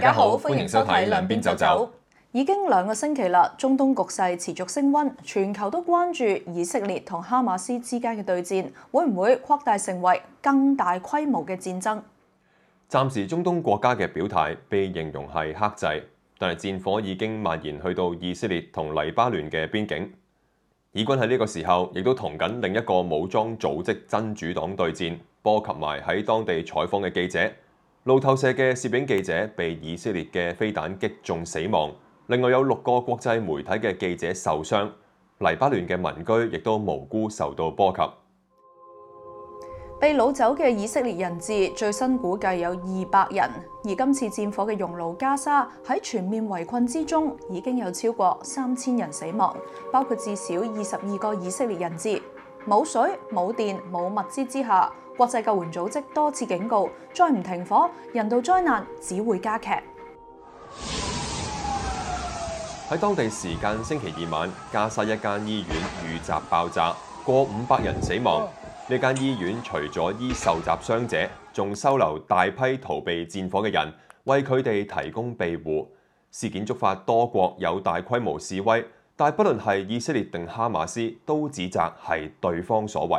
大家好，歡迎收睇《兩邊走走》。已經兩個星期啦，中東局勢持續升溫，全球都關注以色列同哈馬斯之間嘅對戰會唔會擴大成為更大規模嘅戰爭。暫時中東國家嘅表態被形容係克制，但係戰火已經蔓延去到以色列同黎巴嫩嘅邊境。以軍喺呢個時候亦都同緊另一個武裝組織真主黨對戰，波及埋喺當地採訪嘅記者。路透社嘅攝影記者被以色列嘅飛彈擊中死亡，另外有六個國際媒體嘅記者受傷。黎巴嫩嘅民居亦都無辜受到波及。被擄走嘅以色列人質最新估計有二百人，而今次戰火嘅熔爐加沙喺全面圍困之中，已經有超過三千人死亡，包括至少二十二個以色列人質。冇水、冇電、冇物資之下。國際救援組織多次警告，再唔停火，人道災難只會加劇。喺當地時間星期二晚，加沙一間醫院遇襲爆炸，過五百人死亡。呢、哦、間醫院除咗醫受襲傷者，仲收留大批逃避戰火嘅人，為佢哋提供庇護。事件觸發多國有大規模示威，但不論係以色列定哈馬斯，都指責係對方所為。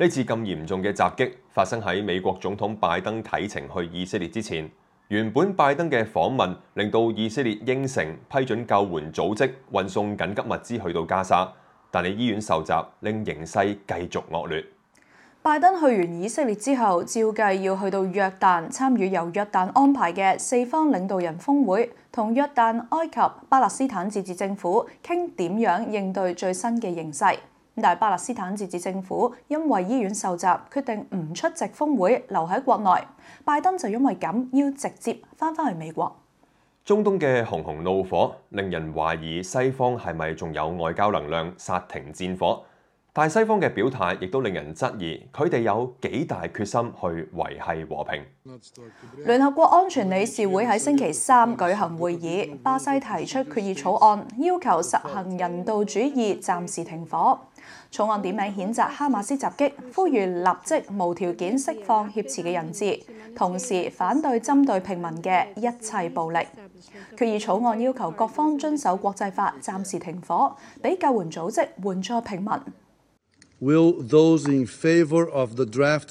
呢次咁嚴重嘅襲擊發生喺美國總統拜登啟程去以色列之前，原本拜登嘅訪問令到以色列應承批准救援組織運送緊急物資去到加沙，但係醫院受襲令形勢繼續惡劣。拜登去完以色列之後，照計要去到約旦參與由約旦安排嘅四方領導人峰會，同約旦、埃及、巴勒斯坦自治政府傾點樣應對最新嘅形勢。但係巴勒斯坦自治政府因為醫院受襲，決定唔出席峰會，留喺國內。拜登就因為咁要直接翻返去美國。中東嘅熊熊怒火，令人懷疑西方係咪仲有外交能量殺停戰火？但西方嘅表態亦都令人質疑佢哋有幾大決心去維繫和平。聯合國安全理事會喺星期三舉行會議，巴西提出決議草案，要求實行人道主義暫時停火。草案點名譴責哈馬斯襲擊，呼籲立即無條件釋放挾持嘅人質，同時反對針對平民嘅一切暴力。決議草案要求各方遵守國際法，暫時停火，俾救援組織援助平民。Will those in favor of the draft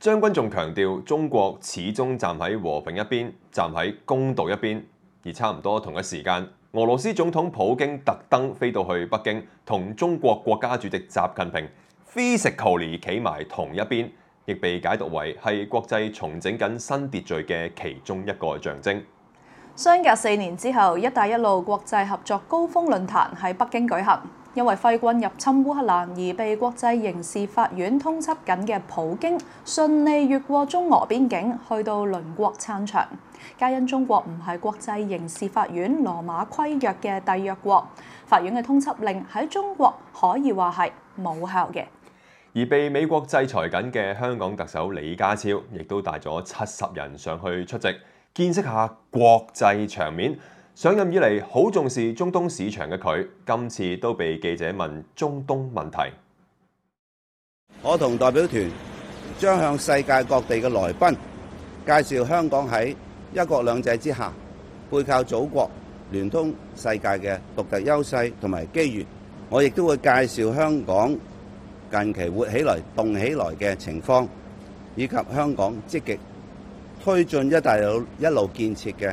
張軍仲強調，中國始終站喺和平一邊，站喺公道一邊。而差唔多同一時間，俄羅斯總統普京特登飛到去北京，同中國國家主席習近平 physically 企埋同一邊，亦被解讀為係國際重整緊新秩序嘅其中一個象徵。相隔四年之後，一帶一路國際合作高峰論壇喺北京舉行。因為揮軍入侵烏克蘭而被國際刑事法院通緝緊嘅普京，順利越過中俄邊境去到鄰國撐場，皆因中國唔係國際刑事法院羅馬規約嘅締約國，法院嘅通緝令喺中國可以話係無效嘅。而被美國制裁緊嘅香港特首李家超，亦都帶咗七十人上去出席，見識下國際場面。上任以嚟好重視中東市場嘅佢，今次都被記者問中東問題。我同代表團將向世界各地嘅來賓介紹香港喺一國兩制之下，背靠祖國聯通世界嘅獨特優勢同埋機遇。我亦都會介紹香港近期活起來、動起來嘅情況，以及香港積極推進一帶一路建設嘅。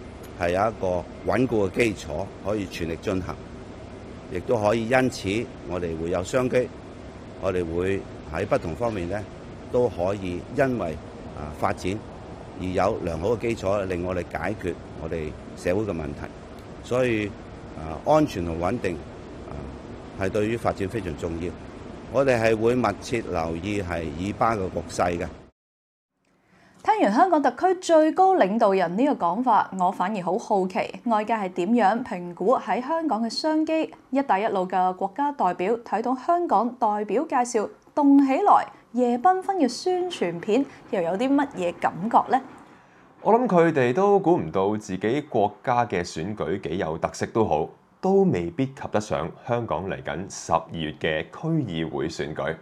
係有一個穩固嘅基礎，可以全力進行，亦都可以因此，我哋會有商機，我哋會喺不同方面呢都可以因為啊發展而有良好嘅基礎，令我哋解決我哋社會嘅問題。所以啊，安全同穩定啊係對於發展非常重要。我哋係會密切留意係以巴嘅局勢嘅。聽完香港特區最高領導人呢個講法，我反而好好奇，外界係點樣評估喺香港嘅商機？“一帶一路”嘅國家代表睇到香港代表介紹動起來夜繽紛嘅宣傳片，又有啲乜嘢感覺呢？我諗佢哋都估唔到自己國家嘅選舉幾有特色都好，都未必及得上香港嚟緊十二月嘅區議會選舉。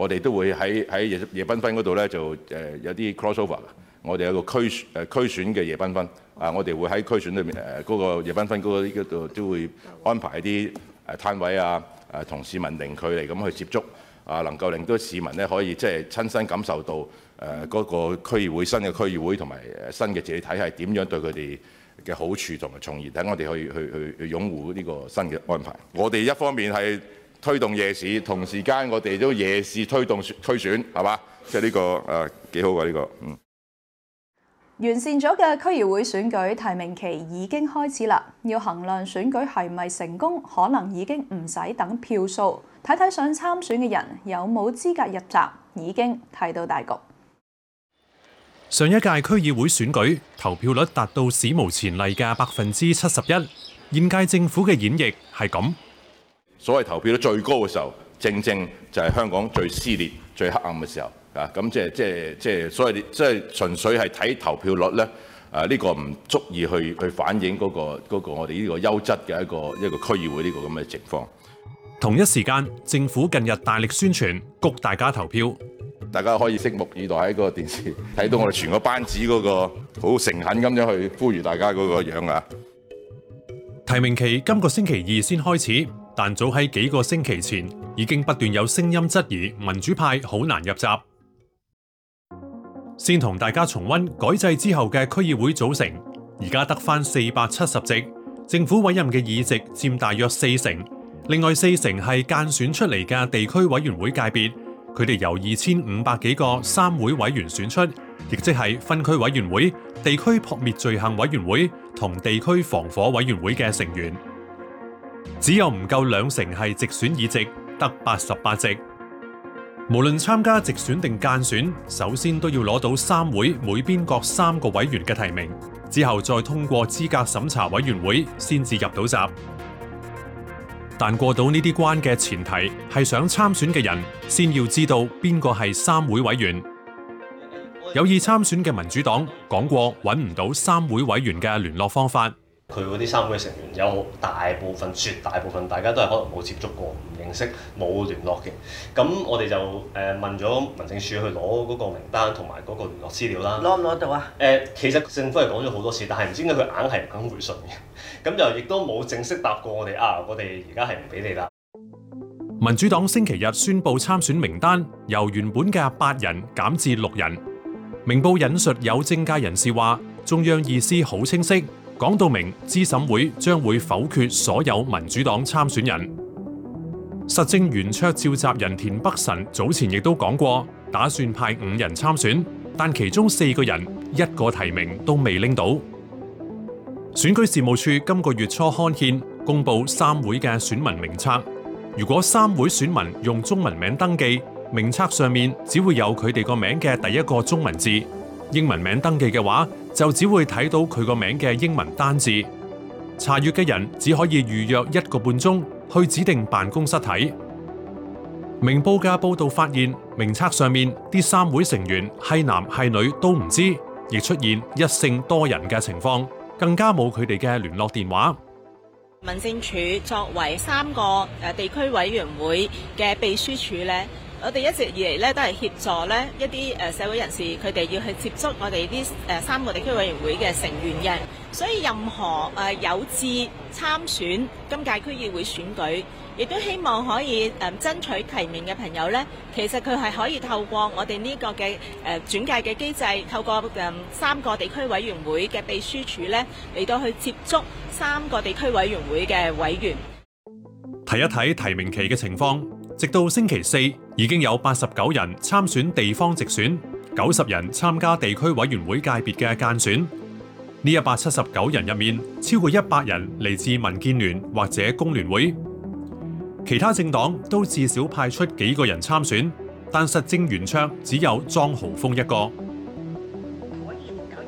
我哋都會喺喺夜夜繽紛嗰度咧，就誒、呃、有啲 crossover。我哋有一個區誒、呃、區選嘅夜繽紛啊，我哋會喺區選裏面誒嗰、呃那個夜繽紛嗰度都會安排一啲誒攤位啊，誒、啊、同市民零距離咁去接觸啊，能夠令到市民咧可以即係親身感受到誒嗰、呃那個區議會新嘅區議會同埋新嘅治理體系點樣對佢哋嘅好處，同埋從而等我哋去去去去擁護呢個新嘅安排。我哋一方面係。推動夜市，同時間我哋都夜市推動推選，係嘛？即係呢個誒幾好喎呢個。呃這個嗯、完善咗嘅區議會選舉提名期已經開始啦。要衡量選舉係咪成功，可能已經唔使等票數，睇睇想參選嘅人有冇資格入閘，已經睇到大局。上一屆區議會選舉投票率達到史無前例嘅百分之七十一，現屆政府嘅演繹係咁。所謂投票率最高嘅時候，正正就係香港最撕裂、最黑暗嘅時候啊！咁即係即係即係，所以即係、即係、純粹係睇投票率咧啊！呢個唔足以去去反映嗰個嗰個我哋呢個優質嘅一個一個區議會呢個咁嘅情況。同一時間，政府近日大力宣傳，焗大家投票，大家可以拭目以待喺個電視睇到我哋全個班子嗰個好誠懇咁樣去呼籲大家嗰個樣啊！提名期今個星期二先開始。但早喺幾個星期前，已經不斷有聲音質疑民主派好難入閘。先同大家重溫改制之後嘅區議會組成，而家得返四百七十席，政府委任嘅議席佔大約四成，另外四成係間選出嚟嘅地區委員會界別，佢哋由二千五百幾個三會委員選出，亦即係分區委員會、地區撲滅罪行委員會同地區防火委員會嘅成員。只有唔夠兩成係直選議席，得八十八席。無論參加直選定間選，首先都要攞到三會每邊各三個委員嘅提名，之後再通過資格審查委員會先至入到閘。但過到呢啲關嘅前提係，想參選嘅人先要知道邊個係三會委員。有意參選嘅民主黨講過，搵唔到三會委員嘅聯絡方法。佢嗰啲三位成員有大部分、絕大部分大家都係可能冇接觸過、唔認識、冇聯絡嘅。咁我哋就誒、呃、問咗民政署去攞嗰個名單同埋嗰個聯絡資料啦。攞唔攞到啊？誒、呃，其實政府係講咗好多次，但係唔知點解佢硬係唔肯回信嘅。咁就亦都冇正式答過我哋啊！我哋而家係唔俾你啦。民主黨星期日宣布參選名單，由原本嘅八人減至六人。明報引述有政界人士話：中央意思好清晰。講到明，資審會將會否決所有民主黨參選人。實政圓桌召集人田北辰早前亦都講過，打算派五人參選，但其中四個人一個提名都未拎到。選舉事務處今個月初刊憲公佈三會嘅選民名冊。如果三會選民用中文名登記，名冊上面只會有佢哋個名嘅第一個中文字；英文名登記嘅話，就只會睇到佢個名嘅英文單字，查閱嘅人只可以預約一個半鐘去指定辦公室睇。明報嘅報道發現，名冊上面啲三會成員係男係女都唔知，亦出現一姓多人嘅情況，更加冇佢哋嘅聯絡電話。民政處作為三個誒地區委員會嘅秘書處咧。我哋一直以嚟咧都係協助咧一啲誒社會人士，佢哋要去接觸我哋啲誒三個地區委員會嘅成員嘅。所以任何誒有志參選今屆區議會選舉，亦都希望可以誒爭取提名嘅朋友咧，其實佢係可以透過我哋呢個嘅誒轉介嘅機制，透過誒三個地區委員會嘅秘書處咧嚟到去接觸三個地區委員會嘅委員，提一提提名期嘅情況，直到星期四。已經有八十九人參選地方直選，九十人參加地區委員會界別嘅間選。呢一百七十九人入面，超過一百人嚟自民建聯或者工聯會，其他政黨都至少派出幾個人參選，但實政圓桌只有莊豪鋒一個。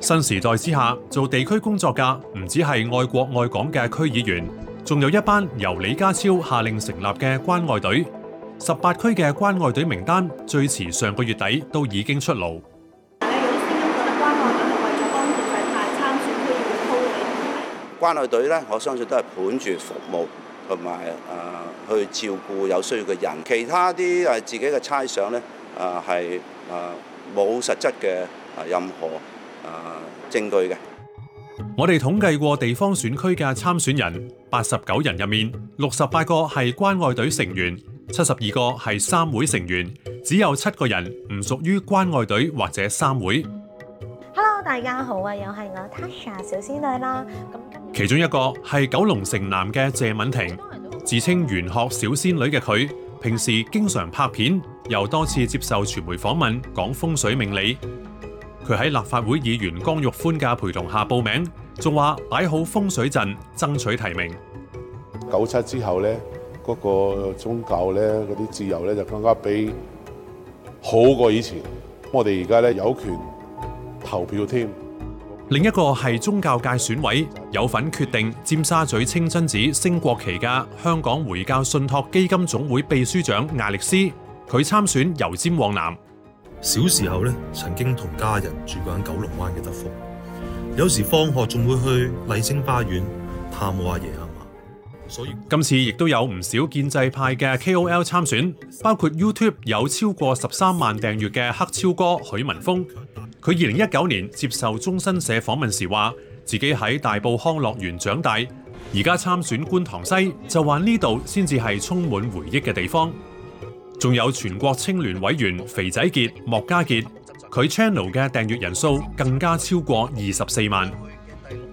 新時代之下，做地區工作嘅唔止係愛國愛港嘅區議員，仲有一班由李家超下令成立嘅關愛隊。十八區嘅關愛隊名單最遲上個月底都已經出爐。關愛隊呢，我相信都係本住服務同埋誒去照顧有需要嘅人。其他啲誒自己嘅猜想呢，誒係誒冇實質嘅誒任何誒證據嘅。我哋統計過地方選區嘅參選人八十九人入面，六十八個係關愛隊成員，七十二個係三會成員，只有七個人唔屬於關愛隊或者三會。Hello，大家好啊，又係我 Tasha 小仙女啦。其中一個係九龍城南嘅謝敏婷，自稱玄學小仙女嘅佢，平時經常拍片，又多次接受傳媒訪問講風水命理。佢喺立法會議員江玉歡嘅陪同下報名，仲話擺好風水陣爭取提名。九七之後呢？個宗教咧，啲自由咧就更加比好過以前。我哋而家咧有權投票添。另一個係宗教界選委，有份決定尖沙咀清真寺升國旗嘅香港回教信託基金總會秘書長艾力斯，佢參選油尖旺南。小時候咧，曾經同家人住過喺九龍灣嘅德福，有時放學仲會去麗晶花園探我阿爺。今次亦都有唔少建制派嘅 KOL 參選，包括 YouTube 有超過十三萬訂閱嘅黑超哥許文峰，佢二零一九年接受中新社訪問時話，自己喺大埔康樂園長大，而家參選觀塘西就話呢度先至係充滿回憶嘅地方。仲有全國青聯委員肥仔傑莫家傑，佢 channel 嘅訂閱人數更加超過二十四萬。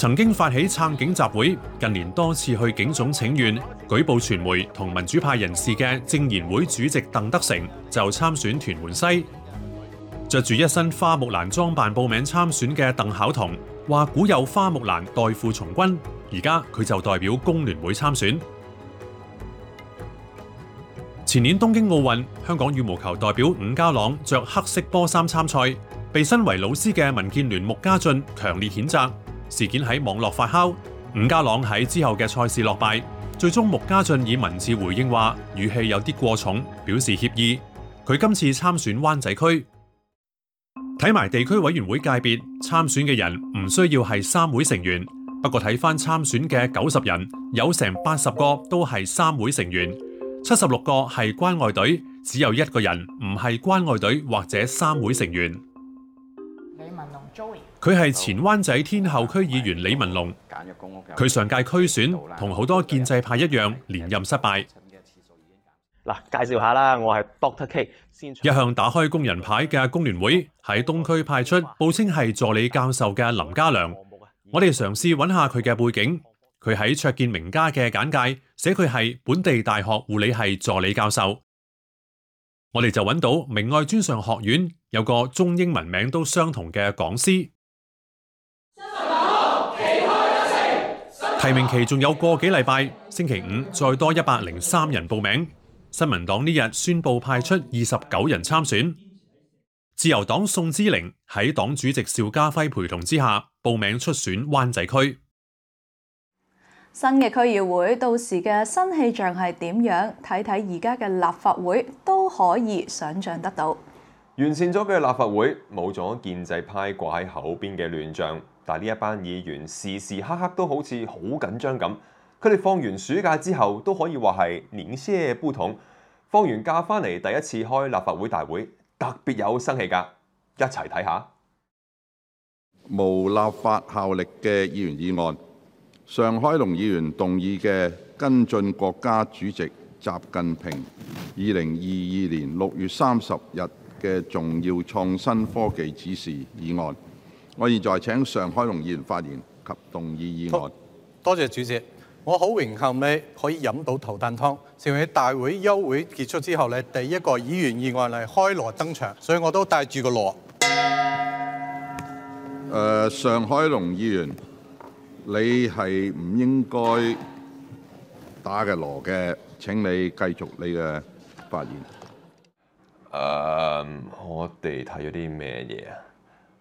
曾經發起撐警集會，近年多次去警總請願、舉報傳媒同民主派人士嘅政研會主席鄧德成就參選屯門西，着住一身花木蘭裝扮報名參選嘅鄧巧彤話：古有花木蘭代父從軍，而家佢就代表工聯會參選。前年東京奧運，香港羽毛球代表伍家朗着黑色波衫參賽，被身為老師嘅民建聯穆家駿強烈譴責。事件喺網絡發酵，伍家朗喺之後嘅賽事落敗，最終穆家俊以文字回應話，語氣有啲過重，表示歉意。佢今次參選灣仔區，睇埋地區委員會界別參選嘅人唔需要係三會成員，不過睇返參選嘅九十人，有成八十個都係三會成員，七十六個係關愛隊，只有一個人唔係關愛隊或者三會成員。李文龍 Joey 佢係前灣仔天后區議員李文龍。佢上屆區選同好多建制派一樣連任失敗。嗱，介紹下啦，我係 Doctor K，一向打開工人牌嘅工聯會喺東區派出，報稱係助理教授嘅林家良。我哋嘗試揾下佢嘅背景。佢喺卓建明家嘅簡介寫佢係本地大學護理系助理教授。我哋就揾到明愛專上學院有個中英文名都相同嘅講師。提名期仲有個幾禮拜，星期五再多一百零三人報名。新民黨呢日宣布派出二十九人參選。自由黨宋之玲喺黨主席邵家輝陪同之下報名出選灣仔區。新嘅區議會到時嘅新氣象係點樣？睇睇而家嘅立法會都可以想像得到。完善咗嘅立法會冇咗建制派掛喺口邊嘅亂象。但呢一班議員時時刻刻都好似好緊張咁，佢哋放完暑假之後都可以話係年些不同，放完假翻嚟第一次開立法會大會，特別有生氣㗎，一齊睇下無立法效力嘅議員議案，上海龍議員動議嘅跟進國家主席習近平二零二二年六月三十日嘅重要創新科技指示議案。我現在請上海龍議員發言及動議議案。多謝主席，我好榮幸你可以飲到頭啖湯，成為大會休會結束之後咧第一個議員議案嚟開鑼登場，所以我都帶住個鑼。誒，uh, 上海龍議員，你係唔應該打嘅鑼嘅？請你繼續你嘅發言。誒、um，我哋睇咗啲咩嘢啊？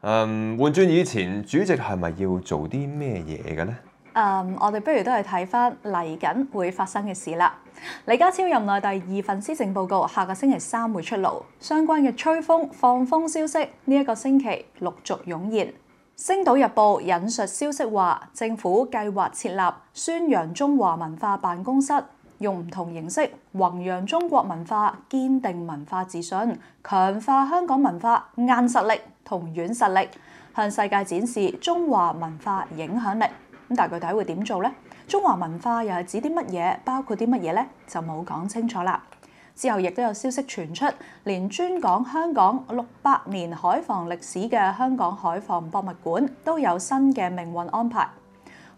嗯，um, 換轉以前主席係咪要做啲咩嘢嘅呢？嗯，um, 我哋不如都係睇翻嚟緊會發生嘅事啦。李家超任內第二份施政報告下個星期三會出爐，相關嘅吹風放風消息呢一個星期陸續湧現。《星島日報》引述消息話，政府計劃設立宣揚中華文化辦公室。用唔同形式弘揚中國文化，堅定文化自信，強化香港文化硬實力同軟實力，向世界展示中華文化影響力。咁但係具體會點做呢？中華文化又係指啲乜嘢？包括啲乜嘢呢？就冇講清楚啦。之後亦都有消息傳出，連專講香港六百年海防歷史嘅香港海防博物館都有新嘅命運安排。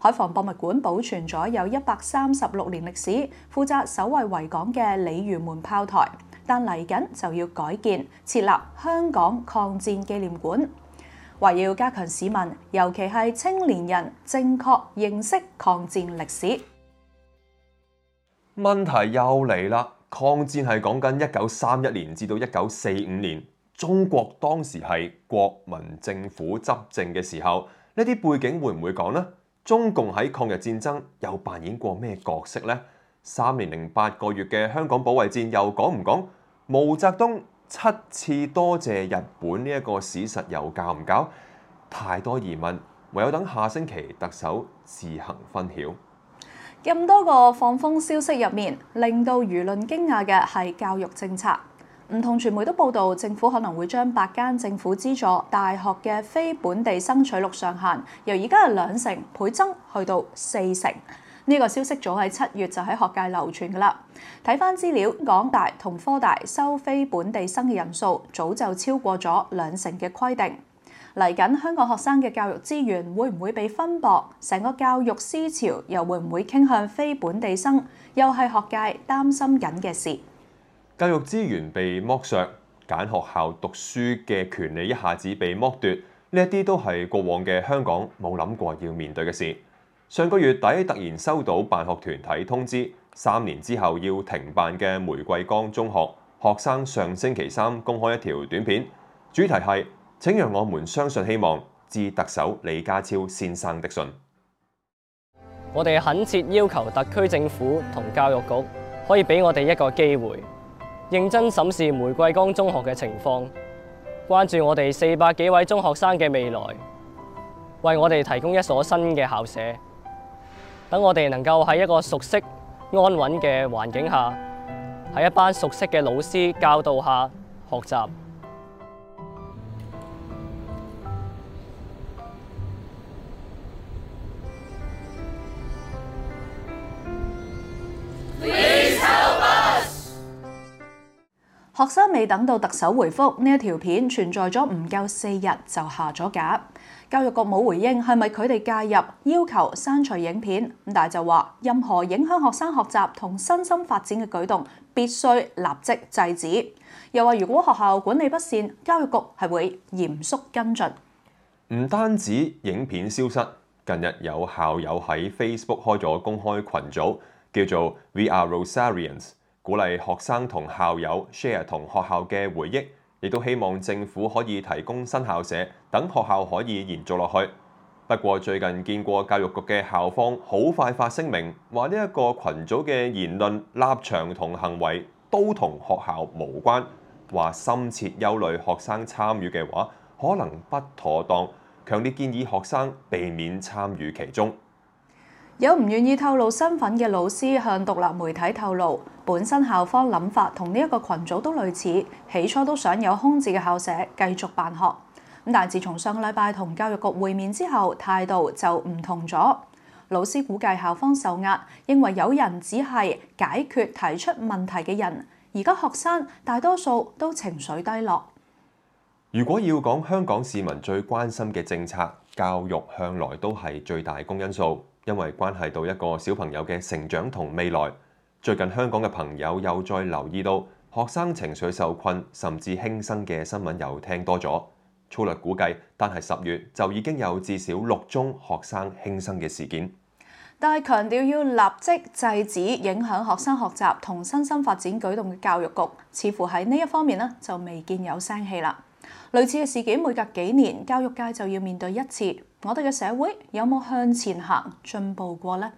海防博物館保存咗有一百三十六年歷史，負責守衞維港嘅鯉魚門炮台，但嚟緊就要改建設立香港抗戰紀念館，話要加強市民，尤其係青年人正確認識抗戰歷史。問題又嚟啦！抗戰係講緊一九三一年至到一九四五年，中國當時係國民政府執政嘅時候，呢啲背景會唔會講呢？中共喺抗日戰爭又扮演過咩角色呢？三年零八個月嘅香港保衛戰又講唔講？毛澤東七次多謝日本呢一個史實又搞唔搞？太多疑問，唯有等下星期特首自行分曉。咁多個放風消息入面，令到輿論驚訝嘅係教育政策。唔同傳媒都報道，政府可能會將八間政府資助大學嘅非本地生取錄上限由而家嘅兩成倍增去到四成。呢個消息早喺七月就喺學界流傳㗎啦。睇翻資料，港大同科大收非本地生嘅人數早就超過咗兩成嘅規定。嚟緊香港學生嘅教育資源會唔會被分薄？成個教育思潮又會唔會傾向非本地生？又係學界擔心緊嘅事。教育資源被剝削，揀學校讀書嘅權利一下子被剝奪，呢一啲都係過往嘅香港冇諗過要面對嘅事。上個月底突然收到辦學團體通知，三年之後要停辦嘅玫瑰崗中學，學生上星期三公開一條短片，主題係《請讓我們相信希望致特首李家超先生的信》。我哋懇切要求特區政府同教育局可以俾我哋一個機會。認真審視玫瑰崗中學嘅情況，關注我哋四百幾位中學生嘅未來，為我哋提供一所新嘅校舍，等我哋能夠喺一個熟悉、安穩嘅環境下，喺一班熟悉嘅老師教導下學習。學生未等到特首回覆，呢一條片存在咗唔夠四日就下咗架。教育局冇回應，係咪佢哋介入要求刪除影片？咁但係就話任何影響學生學習同身心發展嘅舉動，必須立即制止。又話如果學校管理不善，教育局係會嚴肅跟進。唔單止影片消失，近日有校友喺 Facebook 開咗公開群組，叫做 We Are Rosarians。鼓勵學生同校友 share 同學校嘅回憶，亦都希望政府可以提供新校舍，等學校可以延續落去。不過最近見過教育局嘅校方好快發聲明，話呢一個群組嘅言論、立場同行為都同學校無關，話深切憂慮學生參與嘅話可能不妥當，強烈建議學生避免參與其中。有唔願意透露身份嘅老師向獨立媒體透露，本身校方諗法同呢一個群組都類似，起初都想有空置嘅校舍繼續辦學。咁但係自從上個禮拜同教育局會面之後，態度就唔同咗。老師估計校方受壓，認為有人只係解決提出問題嘅人。而家學生大多數都情緒低落。如果要講香港市民最關心嘅政策，教育向來都係最大公因素。因為關係到一個小朋友嘅成長同未來，最近香港嘅朋友又再留意到學生情緒受困甚至輕生嘅新聞又聽多咗，粗略估計，單係十月就已經有至少六宗學生輕生嘅事件。但係強調要立即制止影響學生學習同身心發展舉動嘅教育局，似乎喺呢一方面呢就未見有聲氣啦。類似嘅事件每隔幾年，教育界就要面對一次。我哋嘅社會有冇向前行進步過呢？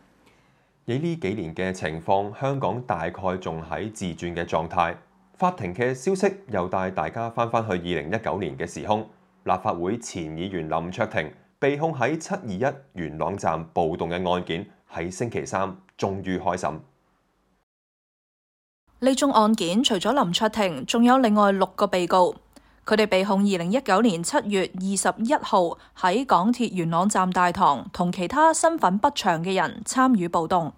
以呢幾年嘅情況，香港大概仲喺自轉嘅狀態。法庭嘅消息又帶大家翻翻去二零一九年嘅時空。立法會前議員林卓廷被控喺七二一元朗站暴動嘅案件，喺星期三終於開審。呢宗案件除咗林卓廷，仲有另外六個被告。佢哋被控二零一九年七月二十一號喺港鐵元朗站大堂同其他身份不詳嘅人參與暴動。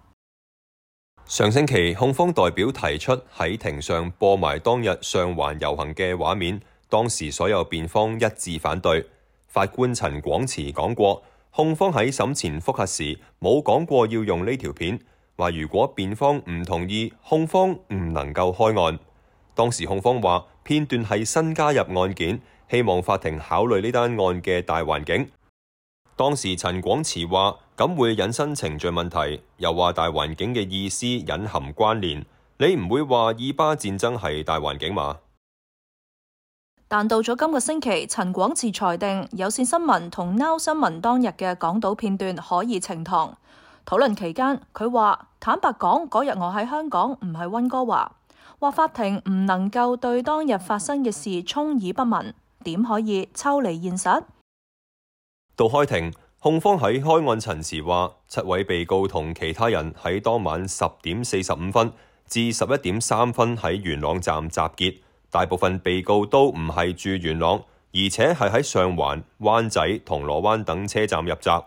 上星期控方代表提出喺庭上播埋當日上環遊行嘅畫面，當時所有辯方一致反對。法官陳廣池講過，控方喺審前復核時冇講過要用呢條片，話如果辯方唔同意，控方唔能夠開案。當時控方話。片段係新加入案件，希望法庭考慮呢單案嘅大環境。當時陳廣池話：咁會引申程序問題，又話大環境嘅意思隱含關聯。你唔會話以巴戰爭係大環境嘛？但到咗今個星期，陳廣池裁定有線新聞同 Now 新聞當日嘅港島片段可以呈堂討論。討論期間佢話：坦白講，嗰日我喺香港，唔係溫哥華。話法庭唔能夠對當日發生嘅事充耳不聞，點可以抽離現實？到開庭，控方喺開案陳詞話，七位被告同其他人喺當晚十點四十五分至十一點三分喺元朗站集結，大部分被告都唔係住元朗，而且係喺上環、灣仔、銅鑼灣等車站入閘。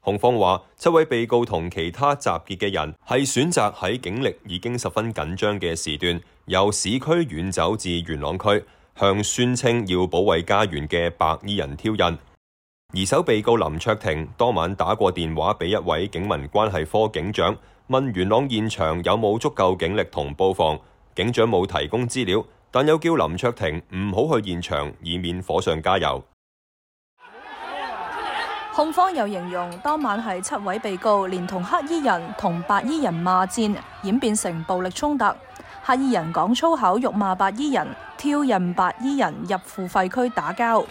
控方話，七位被告同其他集結嘅人係選擇喺警力已經十分緊張嘅時段，由市區遠走至元朗區，向宣稱要保衛家園嘅白衣人挑釁。而首被告林卓廷當晚打過電話俾一位警民關係科警長，問元朗現場有冇足夠警力同佈防，警長冇提供資料，但又叫林卓廷唔好去現場，以免火上加油。控方又形容當晚係七位被告連同黑衣人同白衣人罵戰，演變成暴力衝突。黑衣人講粗口、辱罵白衣人，挑釁白衣人入付費區打交。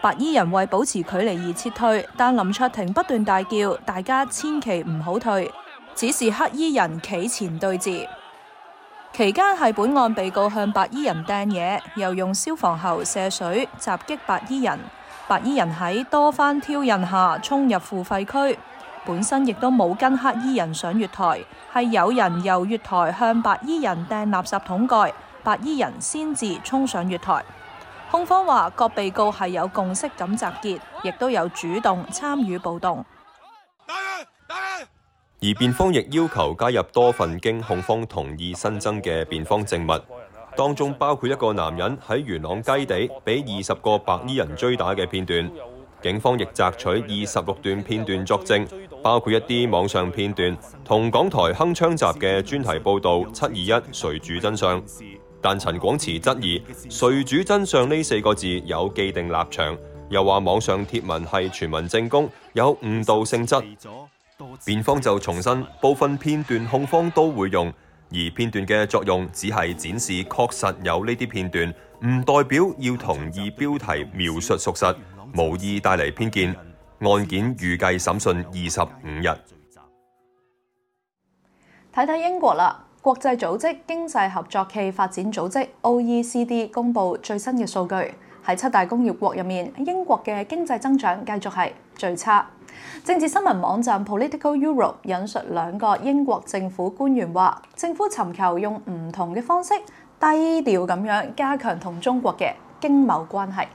白衣人為保持距離而撤退，但林卓廷不斷大叫：大家千祈唔好退。此時黑衣人企前對峙，期間係本案被告向白衣人掟嘢，又用消防喉射水襲擊白衣人。白衣人喺多番挑釁下衝入付費區，本身亦都冇跟黑衣人上月台，係有人由月台向白衣人掟垃圾桶蓋，白衣人先至衝上月台。控方話各被告係有共識咁集結，亦都有主動參與暴動。而辯方亦要求加入多份經控方同意新增嘅辯方證物。當中包括一個男人喺元朗雞地俾二十個白衣人追打嘅片段，警方亦摘取二十六段片段作證，包括一啲網上片段同港台鏗鏘集嘅專題報道《七二一誰主真相》。但陳廣池質疑“誰主真相”呢四個字有既定立場，又話網上貼文係全民證供，有誤導性質。辯方就重申部分片段控方都會用。而片段嘅作用只係展示，確實有呢啲片段，唔代表要同意標題描述屬實，無意帶嚟偏見。案件預計審訊二十五日。睇睇英國啦，國際組織經濟合作暨發展組織 OECD 公布最新嘅數據。喺七大工業國入面，英國嘅經濟增長繼續係最差。政治新聞網站 Political Europe 引述兩個英國政府官員話，政府尋求用唔同嘅方式低調咁樣加強同中國嘅經貿關係。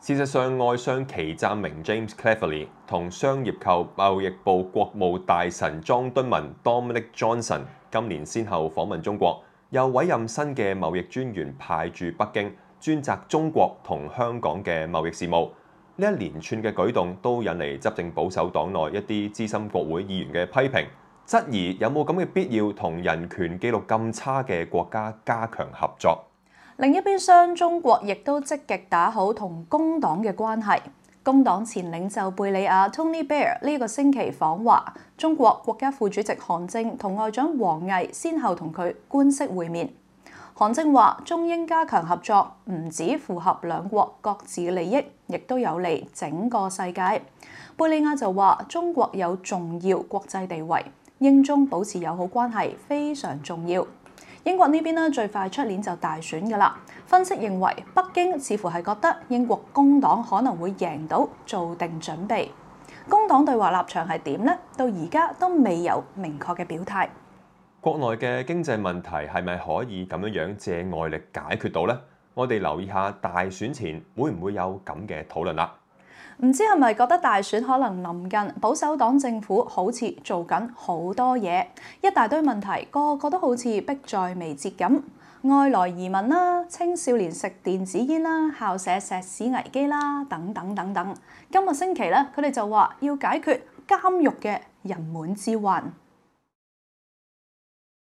事實上，外相祁湛明 James Cleverly 同商業及貿易部國務大臣莊敦文 Dominic Johnson 今年先後訪問中國，又委任新嘅貿易專員派駐北京。專責中國同香港嘅貿易事務，呢一連串嘅舉動都引嚟執政保守黨內一啲資深國會議員嘅批評，質疑有冇咁嘅必要同人權紀錄咁差嘅國家加強合作。另一邊廂，廂中國亦都積極打好同工黨嘅關係。工黨前領袖貝理雅 Tony Blair 呢個星期訪華，中國國家副主席韓正同外長王毅先後同佢官式會面。韓正話：中英加強合作，唔止符合兩國各自利益，亦都有利整個世界。貝利亞就話：中國有重要國際地位，英中保持友好關係非常重要。英國呢邊呢，最快出年就大選㗎喇，分析認為北京似乎係覺得英國工黨可能會贏到，做定準備。工黨對華立場係點呢？到而家都未有明確嘅表態。國內嘅經濟問題係咪可以咁樣樣借外力解決到呢？我哋留意下大選前會唔會有咁嘅討論啦。唔知係咪覺得大選可能臨近，保守黨政府好似做緊好多嘢，一大堆問題，個個都好似迫在眉睫咁。外來移民啦，青少年食電子煙啦，校舍石屎危機啦，等等等等。今日星期咧，佢哋就話要解決監獄嘅人滿之患。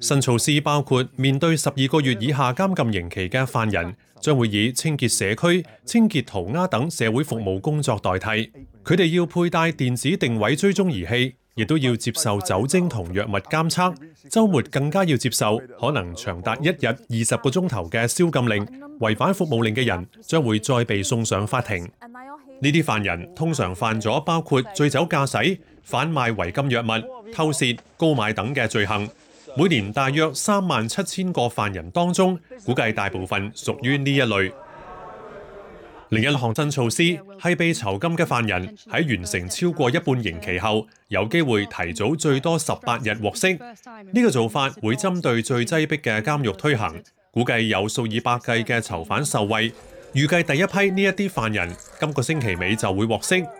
新措施包括面對十二個月以下監禁刑期嘅犯人，將會以清潔社區、清潔塗鴉等社會服務工作代替。佢哋要佩戴電子定位追蹤儀器，亦都要接受酒精同藥物監測。周末更加要接受可能長達一日二十個鐘頭嘅宵禁令。違反服務令嘅人將會再被送上法庭。呢啲犯人通常犯咗包括醉酒駕駛、販賣違禁藥物、偷竊、高買等嘅罪行。每年大約三萬七千個犯人當中，估計大部分屬於呢一類。另一項新措施係被囚禁嘅犯人喺完成超過一半刑期後，有機會提早最多十八日獲釋。呢個做法會針對最擠迫嘅監獄推行，估計有數以百計嘅囚犯受惠。預計第一批呢一啲犯人今個星期尾就會獲釋。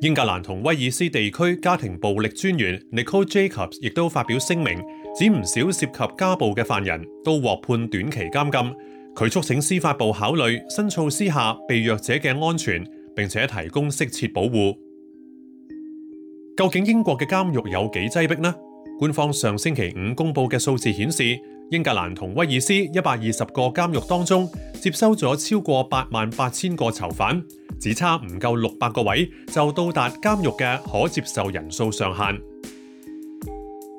英格蘭同威爾斯地區家庭暴力專員 Nicole Jacobs 亦都發表聲明，指唔少涉及家暴嘅犯人都獲判短期監禁，佢促請司法部考慮新措施下被虐者嘅安全，並且提供適切保護。究竟英國嘅監獄有幾擠迫呢？官方上星期五公布嘅數字顯示。英格蘭同威爾斯一百二十個監獄當中，接收咗超過八萬八千個囚犯，只差唔夠六百個位就到達監獄嘅可接受人數上限。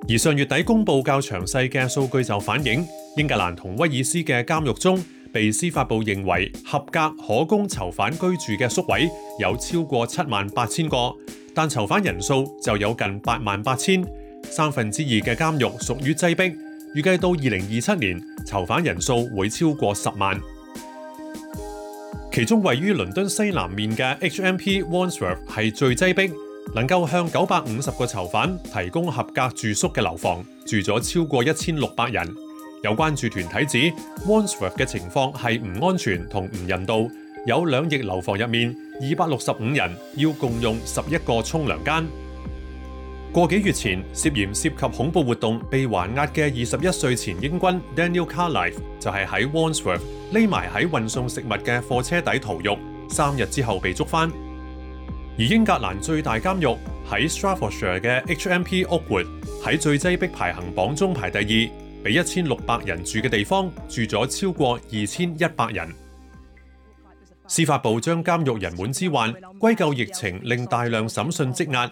而上月底公布較詳細嘅數據就反映，英格蘭同威爾斯嘅監獄中，被司法部認為合格可供囚犯居住嘅宿位有超過七萬八千個，但囚犯人數就有近八萬八千，三分之二嘅監獄屬於擠逼。預計到二零二七年，囚犯人數會超過十萬。其中位於倫敦西南面嘅 HMP Wandsworth 係最擠迫，能夠向九百五十個囚犯提供合格住宿嘅樓房，住咗超過一千六百人。有關注團體指 Wandsworth 嘅情況係唔安全同唔人道，有兩翼樓房入面二百六十五人要共用十一個沖涼間。過幾月前涉嫌涉及恐怖活動被還押嘅二十一歲前英軍 Daniel Carlife 就係喺 Wansworth 匿埋喺運送食物嘅貨車底逃獄，三日之後被捉翻。而英格蘭最大監獄喺 Staffordshire 嘅 HMP Oakwood 喺最擠迫排行榜中排第二，俾一千六百人住嘅地方住咗超過二千一百人。司法部將監獄人滿之患歸咎疫情令大量審訊積壓。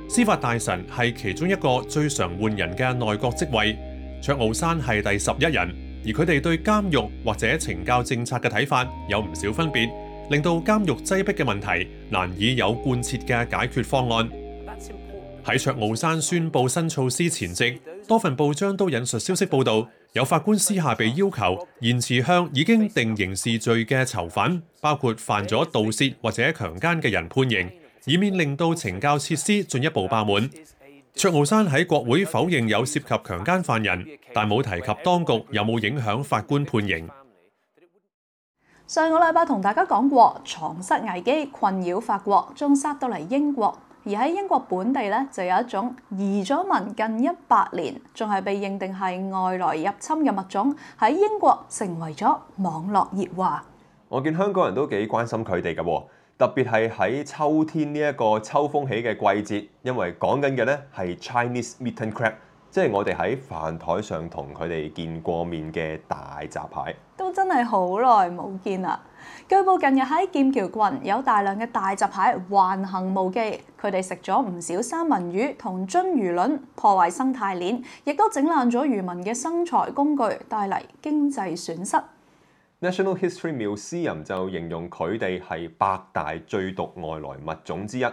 司法大臣係其中一個最常換人嘅內閣職位，卓傲山係第十一人，而佢哋對監獄或者懲教政策嘅睇法有唔少分別，令到監獄擠迫嘅問題難以有貫徹嘅解決方案。喺卓傲山宣佈新措施前夕，多份報章都引述消息報道，有法官私下被要求延遲向已經定刑事罪嘅囚犯，包括犯咗盜竊或者強姦嘅人判刑。以免令到懲教設施進一步爆滿，卓浩山喺國會否認有涉及強奸犯人，但冇提及當局有冇影響法官判刑。上個禮拜同大家講過，床蝨危機困擾法國，仲殺到嚟英國，而喺英國本地呢，就有一種移咗民近一百年，仲係被認定係外來入侵嘅物種，喺英國成為咗網絡熱話。我見香港人都幾關心佢哋噶。特別係喺秋天呢一個秋風起嘅季節，因為講緊嘅呢，係 Chinese mitten crab，即係我哋喺飯台上同佢哋見過面嘅大閘蟹，都真係好耐冇見啦。據報近日喺劍橋郡有大量嘅大閘蟹橫行無忌，佢哋食咗唔少三文魚同鱒魚卵，破壞生態鏈，亦都整爛咗漁民嘅生財工具，帶嚟經濟損失。National History Museum 就形容佢哋係百大最毒外來物種之一。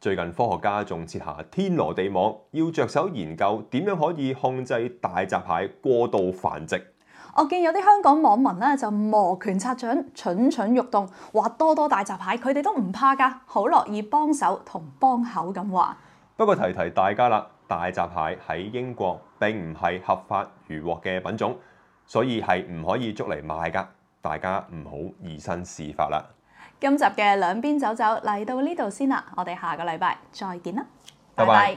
最近科學家仲設下天羅地網，要着手研究點樣可以控制大閘蟹過度繁殖。我見有啲香港網民咧就摩拳擦掌、蠢蠢欲動，話多多大閘蟹，佢哋都唔怕噶，好樂意幫手同幫口咁話。不過提提大家啦，大閘蟹喺英國並唔係合法漁獲嘅品種，所以係唔可以捉嚟賣噶。大家唔好以身試法啦！今集嘅兩邊走走嚟到呢度先啦，我哋下個禮拜再見啦，拜拜。